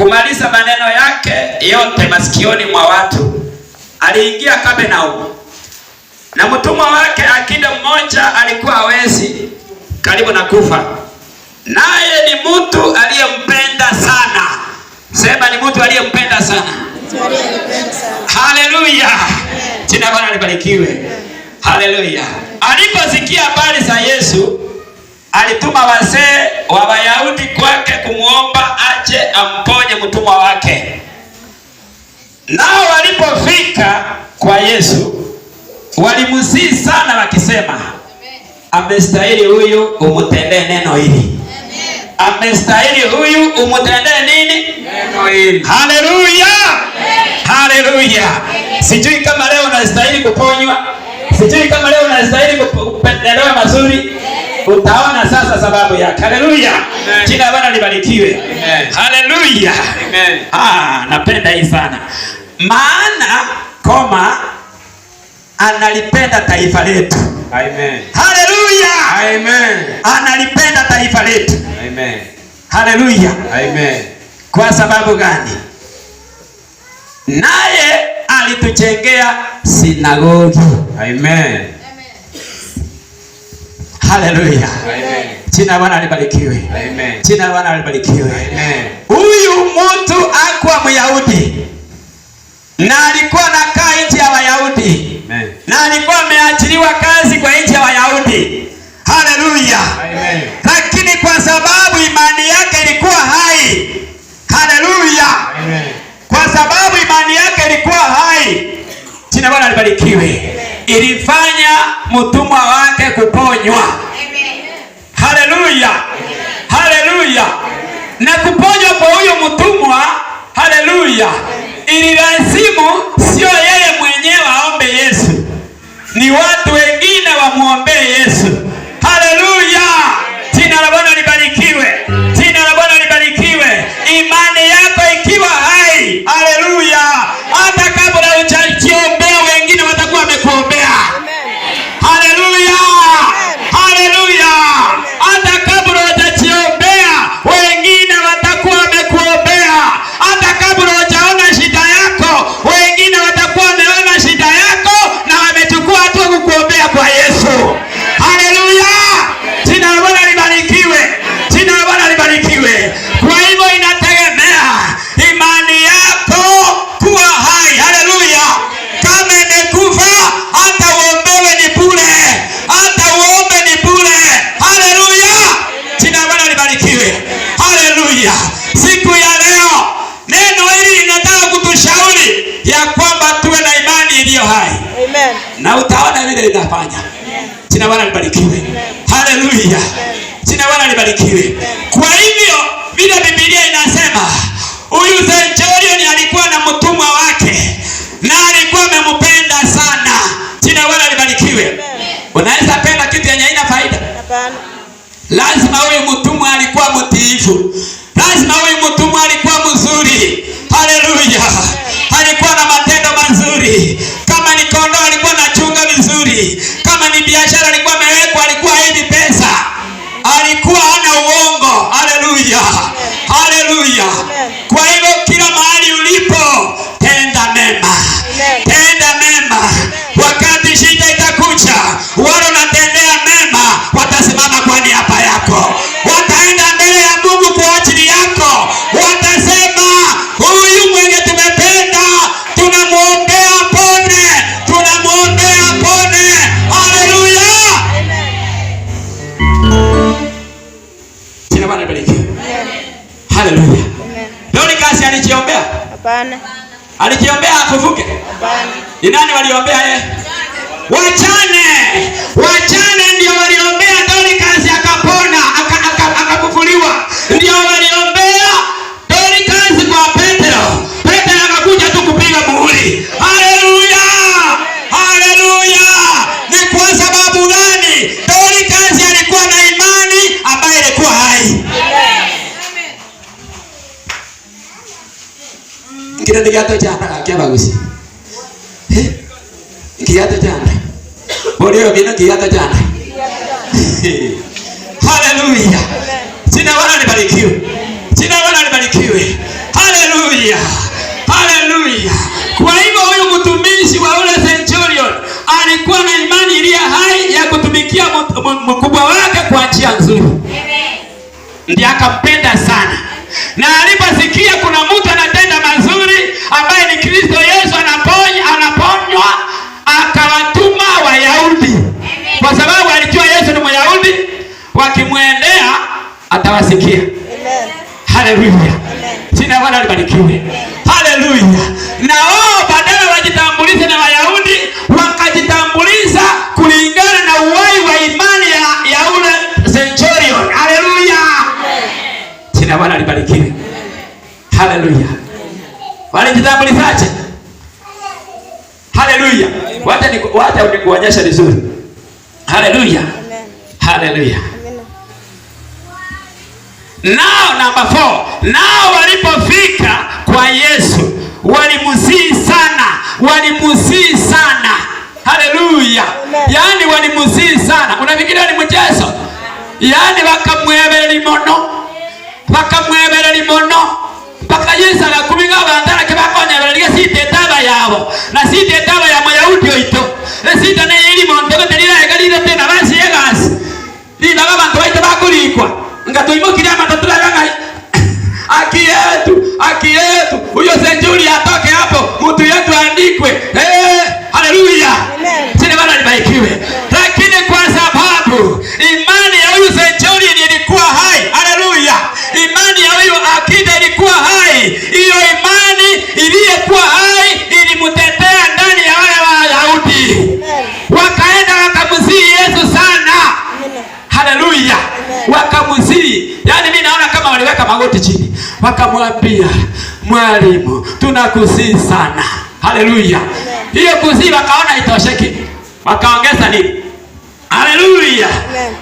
kumaliza maneno yake yote masikioni mwa watu. Aliingia Kapenaumu na mtumwa wake akida mmoja alikuwa hawezi karibu na kufa, naye ni mtu aliyempenda sana. Sema, ni mtu aliyempenda sana. Haleluya, jina Bwana libarikiwe. Haleluya, aliposikia habari za Yesu alituma wazee wa Wayahudi kwake kumwomba aje amponye mtumwa wake. Nao walipofika kwa Yesu walimusii sana, wakisema amestahili huyu umutendee neno hili, amestahili huyu umutendee nini? Neno hili. Haleluya, haleluya! Sijui kama leo unastahili kuponywa, sijui kama leo unastahili kupendelewa mazuri utaona sasa sababu yake. Haleluya, jina la Bwana libarikiwe. Haleluya, ah, napenda hii sana, maana koma analipenda taifa letu. Amen. Haleluya. Amen. Analipenda taifa letu. Amen. Haleluya. Amen. Kwa sababu gani? Naye alitujengea sinagogi. Amen. Haleluya, jina Bwana libarikiwe, jina Bwana libarikiwe. Huyu mtu akwa Myahudi na alikuwa nakaa nchi ya Wayahudi na alikuwa ameachiliwa kazi kwa nchi ya Wayahudi. Haleluya, lakini kwa sababu imani yake ilikuwa hai. Haleluya, kwa sababu imani yake ilikuwa hai, jina Bwana libarikiwe ilifanya mtumwa wake kuponywa. Haleluya, haleluya! Na kuponywa kwa huyo mtumwa, haleluya, ililazimu sio yeye ninafanya. Jina Bwana libarikiwe. Haleluya. Jina Bwana libarikiwe. Kwa hivyo vile Biblia inasema huyu centurion alikuwa na mtumwa wake na alikuwa amempenda sana. Jina Bwana libarikiwe. Unaweza penda kitu yenye haina faida? Hapana. Lazima huyu mtumwa alikuwa mtiifu. Lazima huyu Alijiombea akuvuke? Ni nani waliombea yeye? Wachane, wachane. kira ndigato kyana kyabagusi eh kiyato kyana Olio bino kiyato kyana Hallelujah Sina wana nibarikiwe Sina wana nibarikiwe Hallelujah Hallelujah Kwa hivyo huyu mtumishi wa ule centurion alikuwa na imani iliyo hai ya kutumikia mkubwa wake kwa njia nzuri. Ndiye akampenda sana. Na aliposikia kuna atawasikia. Haleluya, jina Bwana libarikiwe. Haleluya. Na wao badala wajitambulize na Wayahudi wakajitambuliza kulingana na uwai wa imani ya, ya ule centurion. Haleluya, jina Bwana libarikiwe. Haleluya, walijitambulizaje? Haleluya, wacha nikuonyesha vizuri. Haleluya, haleluya. Nao namba 4, nao walipofika kwa Yesu walimsihi sana, walimsihi sana. Haleluya! Yaani walimsihi sana. Kuna Unafikiri ni mchezo? Yaani wakamwebera limono, wakamwebera limono mpaka Yesu akakubiga abantu arakibakonyebera liga sitetaaba yabo na sitetaaba ya Mayahudi oito katuimukile matatulaanga haki yetu, haki yetu, huyo senjuri atoke hapo, mtu yetu andikwe. Hey, haleluya! Amen. Sina bana libarikiwe, lakini kwa sababu imani wote chini, wakamwambia mwalimu, tunakusii sana. Haleluya! hiyo kusii wakaona itosheki, wakaongeza nini? Haleluya!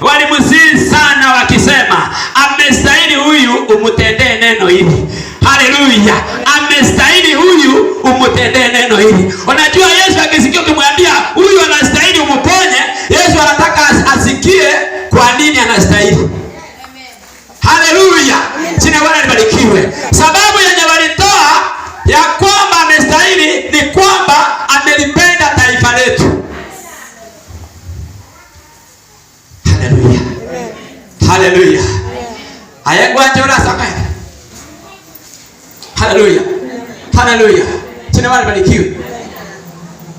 walimsii sana అయ్యగ్వాంచవడా సంఘం Haleluya. Haleluya. Tena wale barikiwe.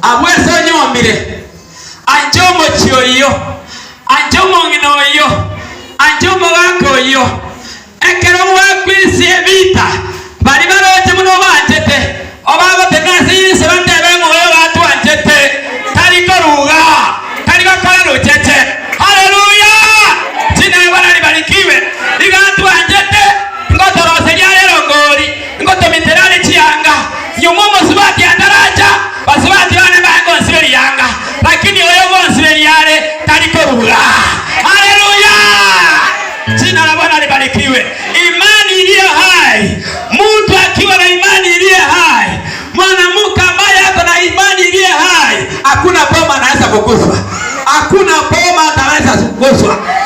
Amwese nyombire. Anjomo chio iyo. Anjomo ngino iyo. Anjomo wako iyo. Ekero mwakwisi ebita Bali baroche muno bachete. Obago tenasi yise bande 我说。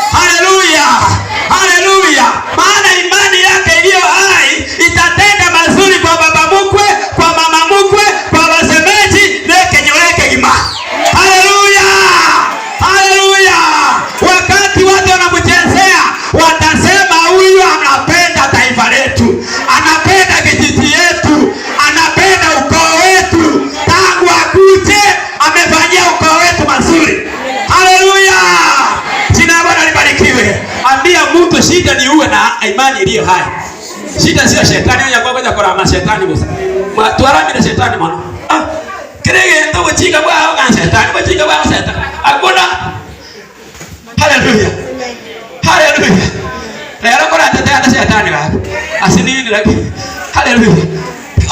ndiyo hai. Shida sio shetani onya kwagoja korama shetani gusa. Matwaramire shetani mono. Kirege ndo buchiga bwao kan shetani buchiga bwao shetani. Akuna. Haleluya. Haleluya. Rero kora tete ata shetani babo. Asini ni rabi. Haleluya.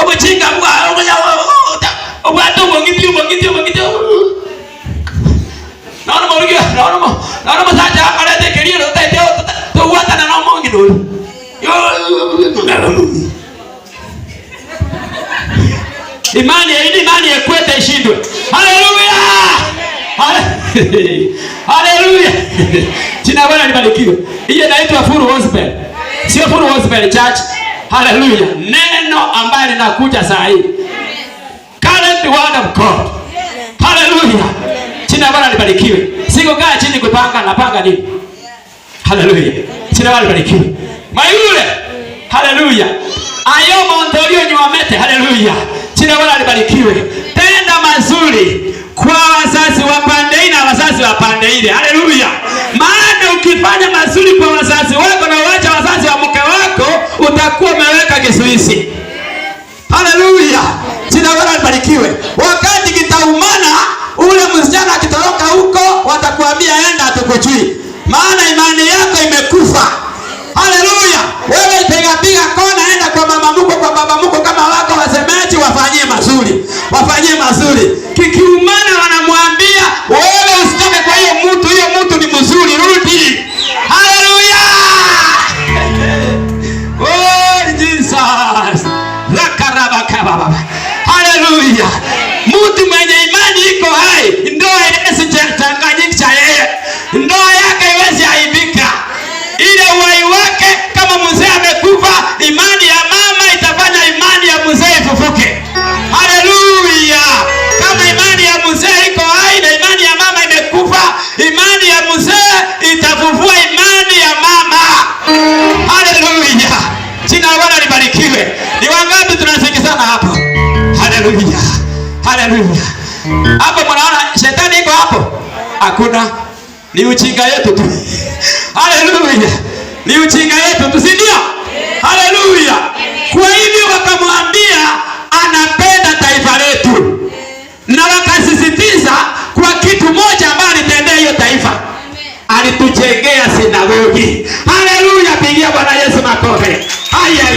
Obuchiga bwao onya obwatu bongiti bongiti bongiti. imani imani ya yekweta ishindwe. Haleluya, haleluya, jina Bwana libarikiwe. Hiyo inaitwa Full Gospel, sio Full Gospel Church. Haleluya, neno ambaye linakuja saa hii, current word of God. Haleluya, jina Bwana libarikiwe. Siko kaa chini kupanga, napanga nini? Haleluya, jina Bwana libarikiwe. Mayule Haleluya. Ayoma ni wamete. Haleluya. Jina Bwana libarikiwe. Tenda mazuri kwa wazazi wa pande ile na wazazi wa pande ile. Haleluya. Maana ukifanya mazuri kwa wazazi wako na uacha wazazi wa mke wako utakuwa umeweka kizuizi. Haleluya. Jina Bwana libarikiwe. Wakati kitaumana ule msichana akitoroka huko watakuambia enda atukujui. Maana imani yako imekufa. mama mko kwa baba mko kama wako wasemeji, wafanyie mazuri, wafanyie mazuri. Kikiumana wanamwambia wewe usitoke kwa hiyo mtu, hiyo mtu ni mzuri, rudi. Haya. kama hapo. Haleluya. Haleluya. Hapo mnaona shetani iko hapo? Hakuna. Ni ujinga yetu tu. Haleluya. Ni uchinga yetu tu, si ndio? Haleluya. Kwa hivyo wakamwambia anapenda taifa letu. Na wakasisitiza kwa kitu moja ambayo alitendea hiyo taifa. Alitujengea sinagogi. Haleluya, pigia Bwana Yesu makofi. Haya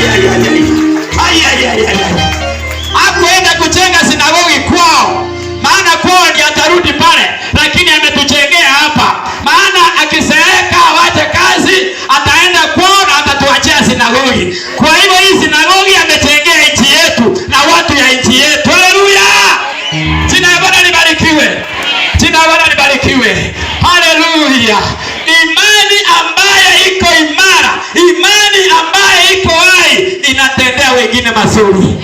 sinagogi. Kwa hivyo hii sinagogi ametengea nchi yetu na watu ya nchi yetu. Haleluya! Jina la Bwana libarikiwe, jina la Bwana libarikiwe. Haleluya! Imani ambayo iko imara, imani ambayo iko hai inatendea wengine mazuri,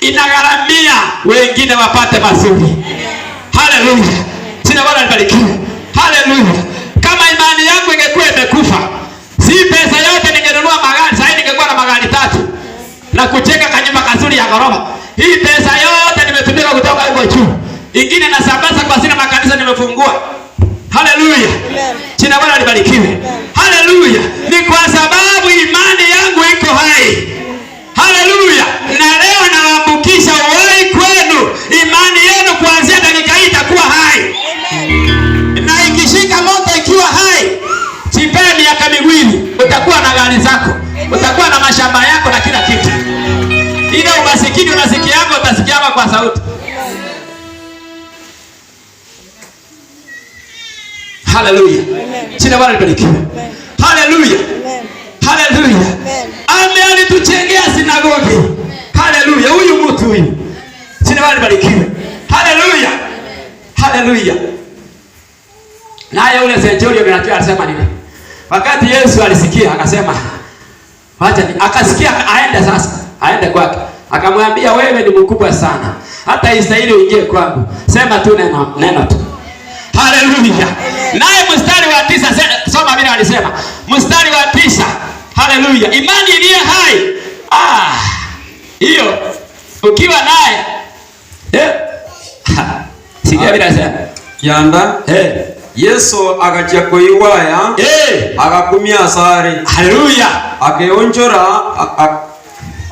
inagharamia wengine wapate mazuri. Haleluya! Jina la Bwana libarikiwe. Haleluya! Kama imani yangu ingekuwa imekufa hii pesa yote ningenunua magari, sasa ningekuwa na magari tatu na kujenga kanyumba kazuri ya gorofa. Hii pesa yote nimetumika kutoka huko juu. Ingine nasambaza kwa sina makanisa nimefungua. Haleluya. Jina Bwana libarikiwe. Haleluya. Ni kwa sababu Sema kwa sauti. Haleluya. Jina Bwana libarikiwe. Haleluya. Haleluya. Ame alituchengea sinagogi. Haleluya. Huyu mtu huyu. Jina Bwana libarikiwe. Haleluya. Haleluya. Naye yule centurion mnachoa alisema nini? Wakati Yesu alisikia akasema, acha akasikia aende sasa, aende kwake. Akamwambia, wewe ni mkubwa sana, hata istahili uingie kwangu, sema tu neno, neno tu. Haleluya! Naye mstari wa tisa, soma vile alisema, mstari wa tisa. Haleluya! Imani iliyo hai ah, hiyo, ah, ukiwa naye eh, sikia vile alisema yanda eh Yesu akaja kuiwaya eh, akakumia sari. Haleluya! Akaonjora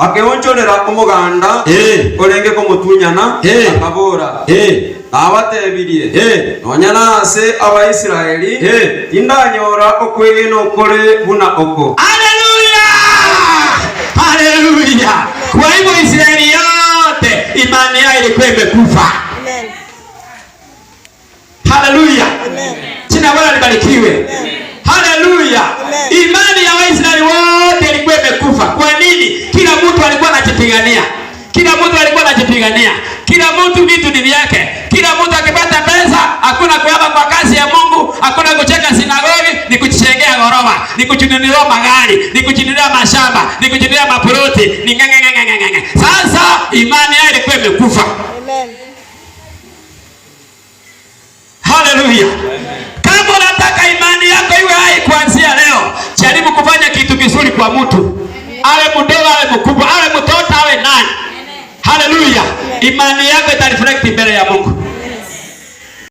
akihonchonera kumuganda kulenge kumutunyana akabura abatebirie nonya nase abaisiraeli tindanyora okwigina okore buna oko aleluya aleluya kwa hivyo israeli yote imani yao ilikuwa imekufa haleluya jina bwana libarikiwe haleluya imani ya waisraeli wote amekufa. Kwa nini? Kila mtu alikuwa anajipigania, kila mtu alikuwa anajipigania, kila mtu vitu ni vyake, kila mtu akipata pesa. Hakuna kuaba kwa kazi ya Mungu, hakuna kucheka sinagogi, ni kuchengea ghorofa, ni kujinunulia magari, ni kujinunulia mashamba, ni kujinunulia maproti, ni nganga nganga nganga. Sasa imani yake ilikuwa imekufa. Amen. Hallelujah. Kama unataka imani yako iwe hai kuanzia leo, jaribu kufanya kitu vizuri kwa mtu, awe mdogo awe mkubwa, awe mtoto awe nani. Haleluya! imani yako itareflect mbele ya Mungu.